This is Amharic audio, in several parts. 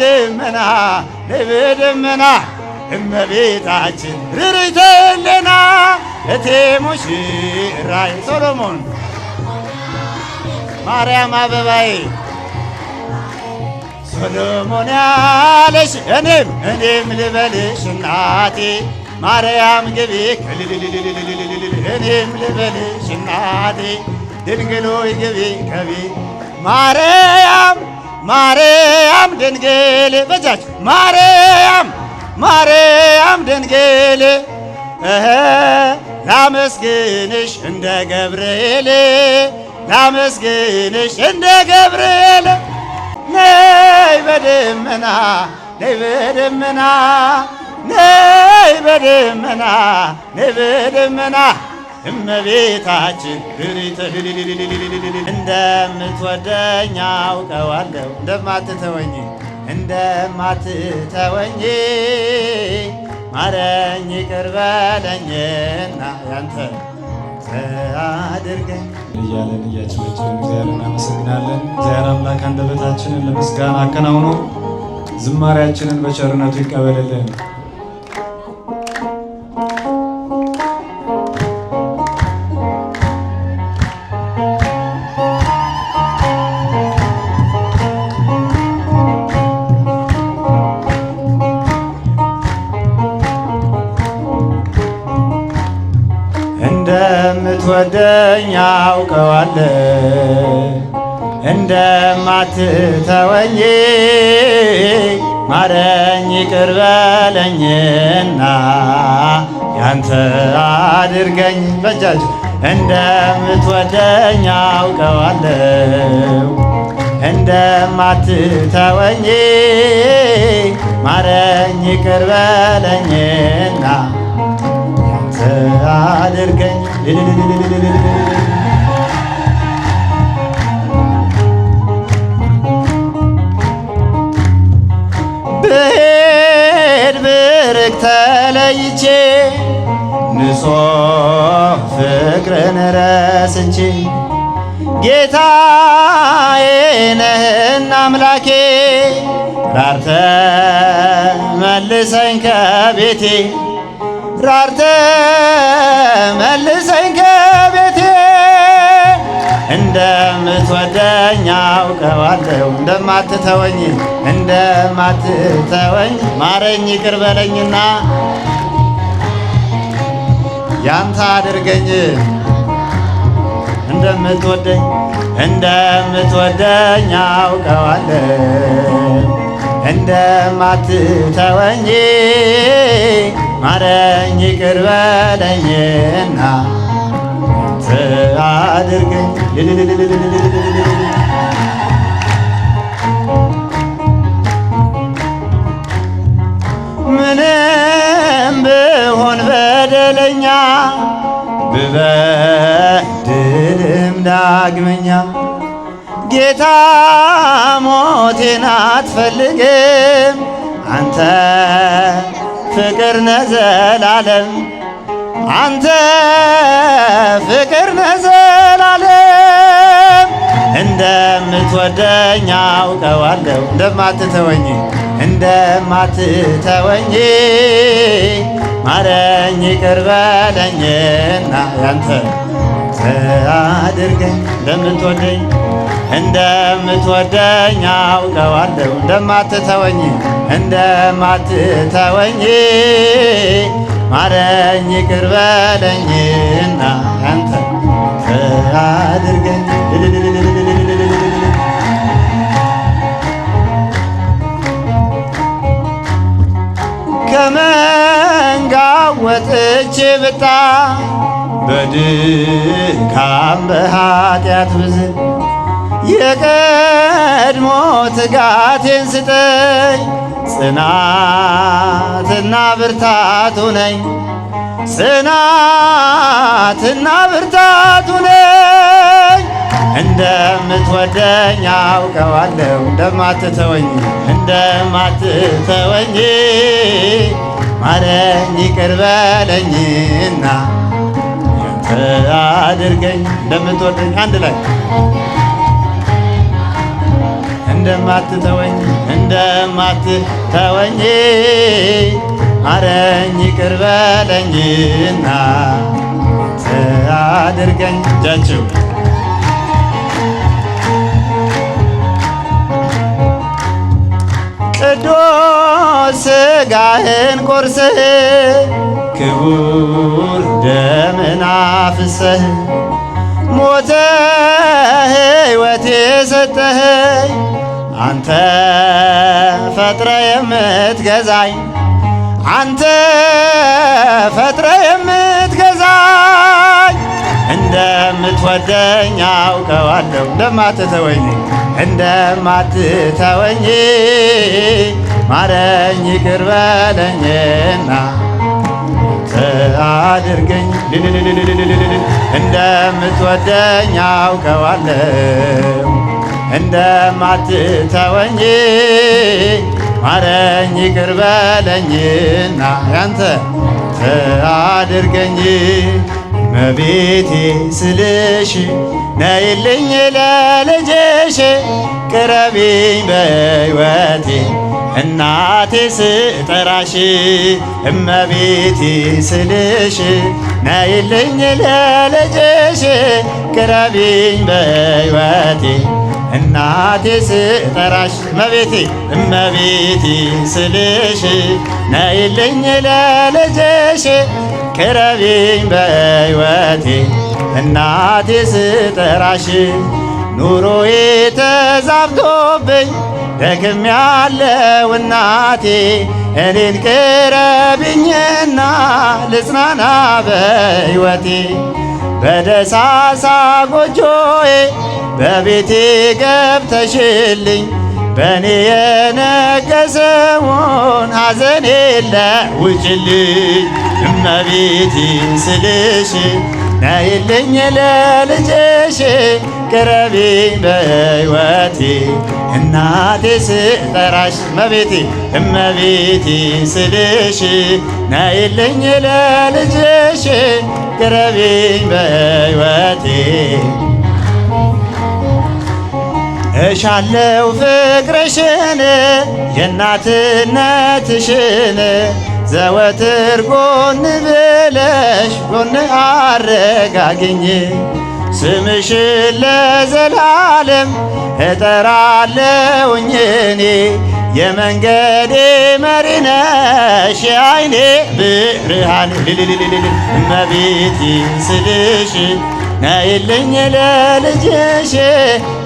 በደመና በደመና እመቤታችን ርርተለና እቴ ሙሽራይ ሶሎሞን ማርያም አበባዬ ሶሎሞን ያለሽ እኔም እኔም ልበልሽ እናቴ ማርያም ግቢ እኔም ልበልሽ እናቴ ድንግሎይ ግቢ ከቢ ማርያም ማርያም ድንግል በጃች ማርያም ማርያም ድንግል እህ ላመስግንሽ እንደ ገብርኤል ላመስግንሽ እንደ ገብርኤል ነይ በደመና ነይ በደመና ነይ በደመና ነይ በደመና እመቤታችን እንደምትወደኝ አውቀዋለሁ እንደማትተወኝ እንደማትተወኝ ማረኝ ይቅር በለኝና ያንተ አድርገኝ እያለን እያጨበጨብን እግዚአብሔር እናመሰግናለን። እግዚአብሔር አምላክ አንደበታችንን ለምስጋና አከናውኖ ዝማሪያችንን በቸርነቱ ይቀበልልን። አውቀዋለ እንደማትተወኝ ማረኝ ይቅር በለኝና ያንተ አድርገኝ በጃጅ እንደምትወደኝ አውቀዋለሁ እንደማትተወኝ ማረኝ ይቅር በለኝና ያንተ አድርገኝ ተለይቼ ንሶ ፍቅርን ረስቼ ጌታዬ ነህን አምላኬ ራርተ መልሰኝ ከቤቴ ራርተ መልሰኝ ከቤቴ እንደምትወደኝ አውቀዋለሁ እንደማትተወኝ እንደማትተወኝ ማረኝ ይቅር በለኝና ያንተ አድርገኝ እንደምትወደኝ እንደምትወደኝ አውቀዋለ እንደማትተወኝ ማረኝ ይቅር በለኝና አድርገኝ ምንም ብሆን በደለኛ ብበድልም ዳግመኛ ጌታ ሞቴን አትፈልግም አንተ ፍቅር ነዘላለም አንተ ፍቅር ነዘላለም እንደምትወደኝ አውቀዋለሁ እንደማትተወኝ እንደማትተወኝ ማረኝ ይቅር በለኝና ያንተ አድርገኝ እንደምትወደኝ እንደምትወደኝ አውቀዋለሁ እንደማትተወኝ እንደማትተወኝ ማረኝ ይቅር በለኝና ያንተ አድርገኝ ወጥቼ ብጣ በድካም በኃጢአት ብዝ የቀድሞ ትጋቴን ስጠኝ ጽናትና ብርታቱ ነኝ ጽናትና ብርታቱ ነኝ እንደምትወደኝ አውቀዋለሁ እንደማትተወኝ እንደማትተወኝ ማረኝ ይቅር በለኝና ያንተ አድርገኝ እንደምትወደኝ አንድ ላይ እንደማትተወኝ እንደማትተወኝ ማረኝ ይቅር በለኝና ያንተ አድርገኝ ጃችሁ ቅዱስ ሥጋህን ቆርሰህ ክቡር ደምን አፍሰህ ሞተ ሕይወቴ ሰጠህ አንተ ፈጥረ የምትገዛኝ አንተ ፈጥረ የምትገዛኝ እንደምትወደኝ አውቀዋለሁ እንደማትተወኝ እንደማትተወኝ ማረኝ ይቅር በለኝና አድርገኝ እንደምትወደኝ አውቀዋለሁ እንደማትተወኝ ማረኝ ይቅር በለኝና ያንተ አድርገኝ መቤቴ ስልሽ ነይልኝ ለልጅሽ ቅረቢኝ በሕይወቴ እናቴ ስጠራሽ እመቤቴ ስልሽ ነይልኝ ለልጅሽ ቅረቢኝ በሕይወቴ እናቴ ስጠራሽ እመቤቴ እመቤቴ ስልሽ ነይልኝ ለልጅሽ ቅረቢኝ በሕይወቴ እናቴ ስጠራሽ ኑሮዬ ተዛብቶብኝ ደክም ያለው እናቴ እኔን ቅረቢኝና ልጽናና በሕይወቴ በደሳሳ ጎጆዬ በቤቴ ገብተሽልኝ በእኔ የነገሰውን ሐዘን የለ ውጭልኝ እመቤቴ ስልሽ ነይልኝ ለልጅሽ ቅረቢ በሕይወቴ እናቴ ስጠራሽ እመቤቴ እመቤቴ ስልሽ ነይልኝ ለልጅሽ ቅረቢ በሕይወቴ እሻለው ፍቅርሽን የእናትነትሽን ዘወትር ጎን ብለሽ ጎን አረጋግኝ ስምሽን ለዘላለም እጠራለውኝ እኔ የመንገዴ መሪነሽ የአይኔ ብርሃን እመቤቴ ስልሽ ነይልኝ ለልጅሽ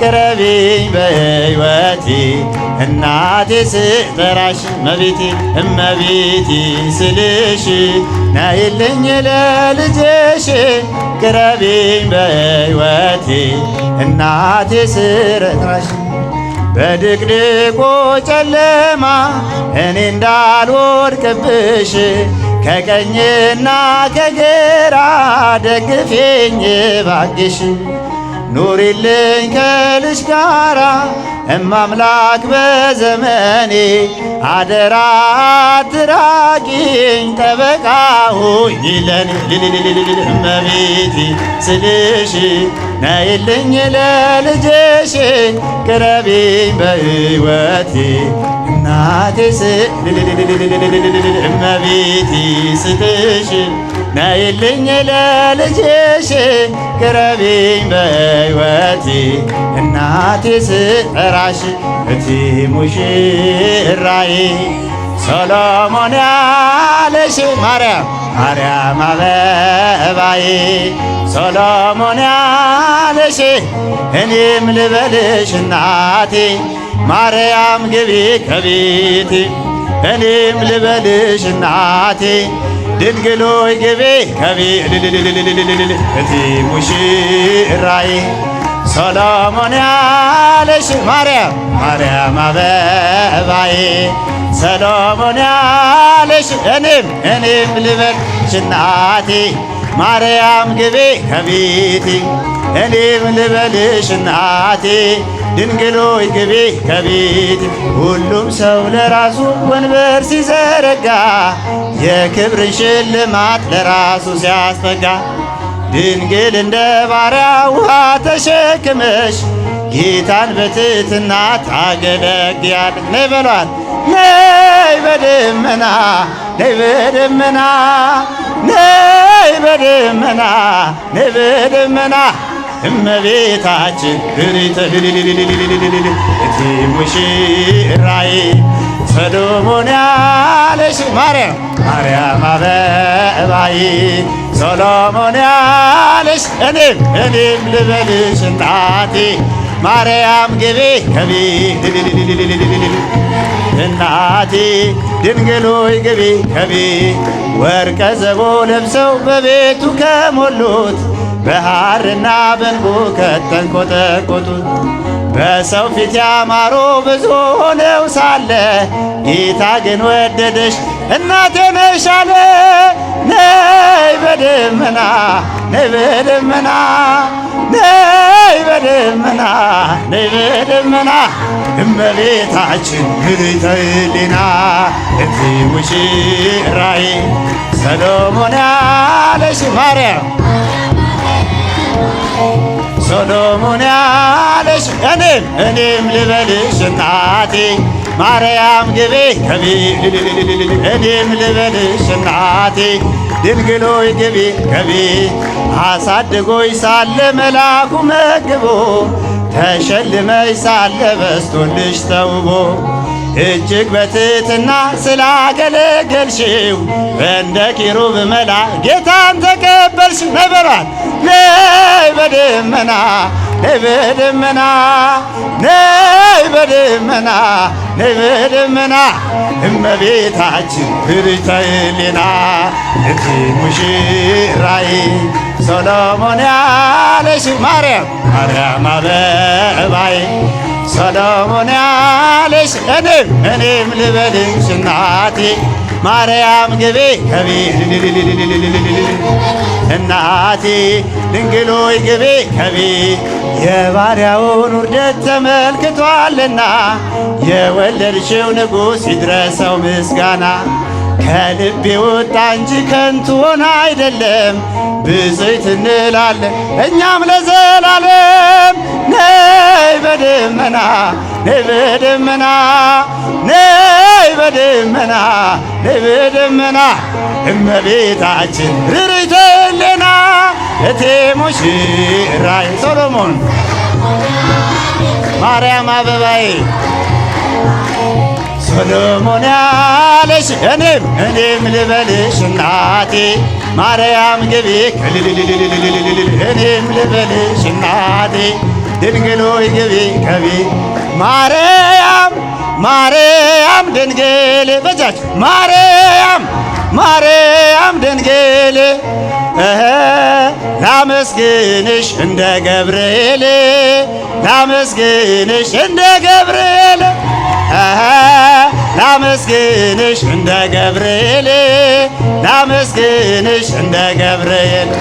ቅረቢኝ በሕይወቴ እናቴ ስጠራሽ እመቤቴ እመቤቴ ስልሽ ነይልኝ ለልጅሽ ቅረቢኝ በሕይወቴ እናቴ ስጠራሽ በድቅድቆ ጨለማ እኔ እንዳልወድቅብሽ ከቀኝና ከግራ ደግፌኝ ባግሽ ኑሪልኝ ከልጅ ጋራ እማምላክ በዘመኔ አደራ አትራቂኝ ጠበቃ ሁኝለን እመቤቴ ስልሽ ነይልኝ ለልጅሽ ቅረቢኝ በሕይወቴ እናቴ እመቤቴ ስትሽ ነይልኝ ለልጅሽ ቅረቢኝ በሕይወቴ እናቴ ስጠራሽ እቲ ሙሽራዬ ሶሎሞን ያለሽ ማርያም ማርያም አበባዬ ሶሎሞን ያለሽ እኔም ልበልሽ እናቴ ማርያም ግቢ ከቤቴ እኔም ልበልሽ እናቴ ድንግሎይ ግቢ ሶሎሞን ያለሽ ማርያም ማርያም አበባዬ ሰሎሞን ያለሽ እኔም እኔም ልበል ሽናቴ ማርያም ግቤ ከቤቴ እኔም ልበልሽ እናቴ ድንግሎይ ግቤ ከቤቴ ሁሉም ሰው ለራሱ ወንበር ሲዘረጋ የክብር ሽልማት ለራሱ ሲያስፈጋ ድንግል እንደ ባሪያ ውሃ ተሸክመሽ ጌታን በትህትና ታገለግያለሽ ነበሏት ነይ በደመና ነይ በደመና ነይ በደመና ነይ በደመና እመቤታችን እቲ ሙሽራዬ ሰሎሞን ያለሽ ማርያም ማርያም አበባዬ ሰሎሞን ያለሽ እኔም እኔም ልበልሽ እናቴ ማርያም ግቢ ገቢ እናቴ ድንግሎይ ግቢ ገቢ ወርቀ ዘቦ ለብሰው በቤቱ ከሞሉት በሐርና በንቁ ከተንቆጠቆጡት በሰው ፊት ያማሮ ብዙ ሆነው ሳለ ጌታ ግን ወደደሽ እናቴ ነሽ አለ። ነይ በደመና ነይ በደመና ነይ ነይ በደመና ነይ በደመና እመቤታችን ህልይተ ህሊና እቲ ሙሽራዬ ሰሎሞን ያለሽ ማርያም ሰሎሞን ያለሽ እኔም እኔም ልበልሽ እናቴ ማርያም ግቤ ገቢ እኔም ልበልሽ እናቴ ድንግሎይ ግቢ ገቢ አሳድጎይ ሳለ መልአኩ መግቦ ተሸልመይ ሳለ በስቶልሽ ተውቦ እጅግ በትትና ስላገለገልሽው እንደ ኪሩብ መላ ጌታን ተቀበልሽ። ነበራል ነይ በደመና ነይ በደመና ነይ በደመና ነይ በደመና እመቤታችን ብርታዬ እቲ እጅ ሙሽራዬ ሰሎሞን ያለሽው ማርያም ማርያም አበባይ ሰሎሞን ያለሽ እኔም እኔም ልበልሽ እናቴ ማርያም ግቤ ገቤ እናቴ ድንግሎይ ግቤ ገቤ የባሪያውን ውርደት ተመልክቷልና የወለድሽው ንጉሥ ይድረሰው ምስጋና ከልቤ ወጣ እንጂ ከንቱ ሆነ አይደለም። ብፅዕት እንላለን እኛም ለዘላለም። ነይ በደመና ነይ በደመና ነይ በደመና ነይ በደመና እመቤታችን ርርተልና ሌና ራይ ሶሎሞን ማርያም አበባዬ ሰሎሞን ያለሽ እኔም እኔም ልበልሽ እናቴ ማርያም ግቢ እኔም ልበልሽ እናቴ ድንግል ሆይ ግቢ ገቢ ማርያም ማርያም ድንግል በጃች ማርያም ማርያም ድንግል ላመስግንሽ እንደ ገብርኤል ላመስግንሽ እንደ ገብርኤል ላመስግንሽ እንደ ገብርኤል ላመስግንሽ እንደ ገብርኤል